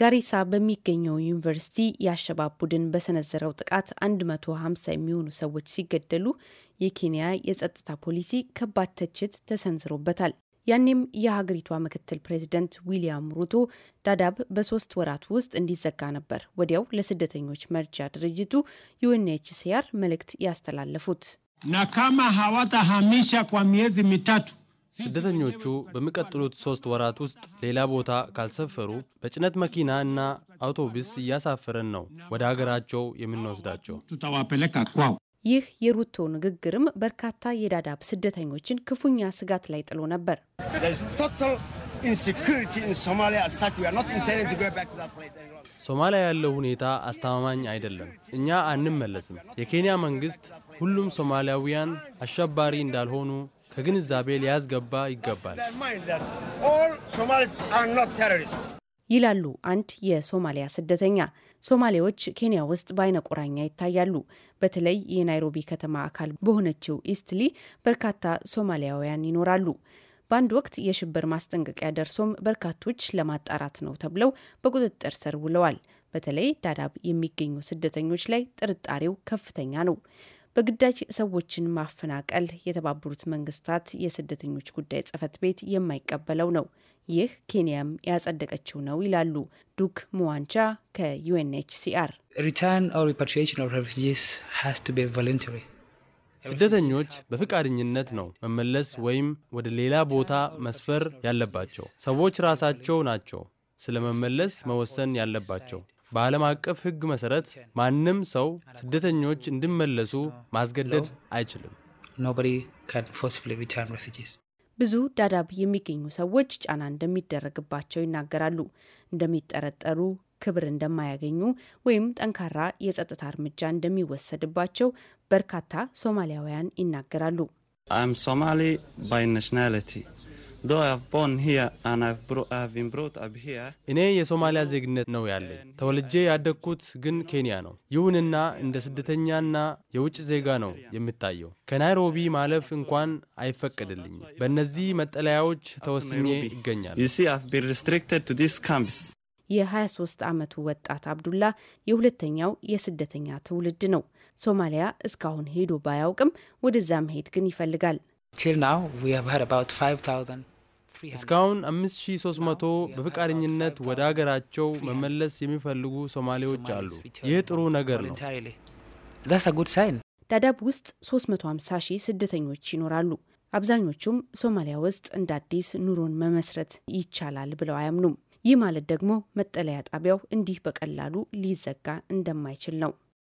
ጋሪሳ በሚገኘው ዩኒቨርሲቲ የአሸባብ ቡድን በሰነዘረው ጥቃት 150 የሚሆኑ ሰዎች ሲገደሉ የኬንያ የጸጥታ ፖሊሲ ከባድ ትችት ተሰንዝሮበታል። ያኔም የሀገሪቷ ምክትል ፕሬዚደንት ዊሊያም ሩቶ ዳዳብ በሶስት ወራት ውስጥ እንዲዘጋ ነበር ወዲያው ለስደተኞች መርጃ ድርጅቱ ዩኤንኤችሲአር መልእክት ያስተላለፉት ናካማ ሀዋታ ሀሚሻ ኳ ሚታቱ ስደተኞቹ በሚቀጥሉት ሶስት ወራት ውስጥ ሌላ ቦታ ካልሰፈሩ በጭነት መኪና እና አውቶቡስ እያሳፈረን ነው ወደ ሀገራቸው የምንወስዳቸው። ይህ የሩቶ ንግግርም በርካታ የዳዳብ ስደተኞችን ክፉኛ ስጋት ላይ ጥሎ ነበር። ሶማሊያ ያለው ሁኔታ አስተማማኝ አይደለም። እኛ አንመለስም። የኬንያ መንግስት ሁሉም ሶማሊያውያን አሸባሪ እንዳልሆኑ ከግንዛቤ ሊያስገባ ይገባል ይላሉ አንድ የሶማሊያ ስደተኛ። ሶማሌዎች ኬንያ ውስጥ በአይነ ቁራኛ ይታያሉ። በተለይ የናይሮቢ ከተማ አካል በሆነችው ኢስትሊ በርካታ ሶማሊያውያን ይኖራሉ። በአንድ ወቅት የሽብር ማስጠንቀቂያ ደርሶም በርካቶች ለማጣራት ነው ተብለው በቁጥጥር ስር ውለዋል። በተለይ ዳዳብ የሚገኙ ስደተኞች ላይ ጥርጣሬው ከፍተኛ ነው። በግዳጅ ሰዎችን ማፈናቀል የተባበሩት መንግስታት የስደተኞች ጉዳይ ጽህፈት ቤት የማይቀበለው ነው። ይህ ኬንያም ያጸደቀችው ነው ይላሉ ዱክ ሙዋንቻ ከዩኤንኤችሲአር። ስደተኞች በፈቃደኝነት ነው መመለስ ወይም ወደ ሌላ ቦታ መስፈር ያለባቸው። ሰዎች ራሳቸው ናቸው ስለመመለስ መወሰን ያለባቸው። በዓለም አቀፍ ሕግ መሰረት ማንም ሰው ስደተኞች እንዲመለሱ ማስገደድ አይችልም። ብዙ ዳዳብ የሚገኙ ሰዎች ጫና እንደሚደረግባቸው ይናገራሉ። እንደሚጠረጠሩ፣ ክብር እንደማያገኙ ወይም ጠንካራ የጸጥታ እርምጃ እንደሚወሰድባቸው በርካታ ሶማሊያውያን ይናገራሉ። አም ሶማሊ ባይ ናሽናሊቲ እኔ የሶማሊያ ዜግነት ነው ያለኝ። ተወልጄ ያደግኩት ግን ኬንያ ነው። ይሁንና እንደ ስደተኛና የውጭ ዜጋ ነው የምታየው። ከናይሮቢ ማለፍ እንኳን አይፈቀድልኝም። በእነዚህ መጠለያዎች ተወስኜ ይገኛል። የ23 ዓመቱ ወጣት አብዱላ የሁለተኛው የስደተኛ ትውልድ ነው። ሶማሊያ እስካሁን ሄዶ ባያውቅም ወደዛ መሄድ ግን ይፈልጋል። እስካሁን 5300 በፈቃደኝነት ወደ አገራቸው መመለስ የሚፈልጉ ሶማሌዎች አሉ። ይህ ጥሩ ነገር ነው። ዳዳብ ውስጥ 350 ሺህ ስደተኞች ይኖራሉ። አብዛኞቹም ሶማሊያ ውስጥ እንደ አዲስ ኑሮን መመስረት ይቻላል ብለው አያምኑም። ይህ ማለት ደግሞ መጠለያ ጣቢያው እንዲህ በቀላሉ ሊዘጋ እንደማይችል ነው።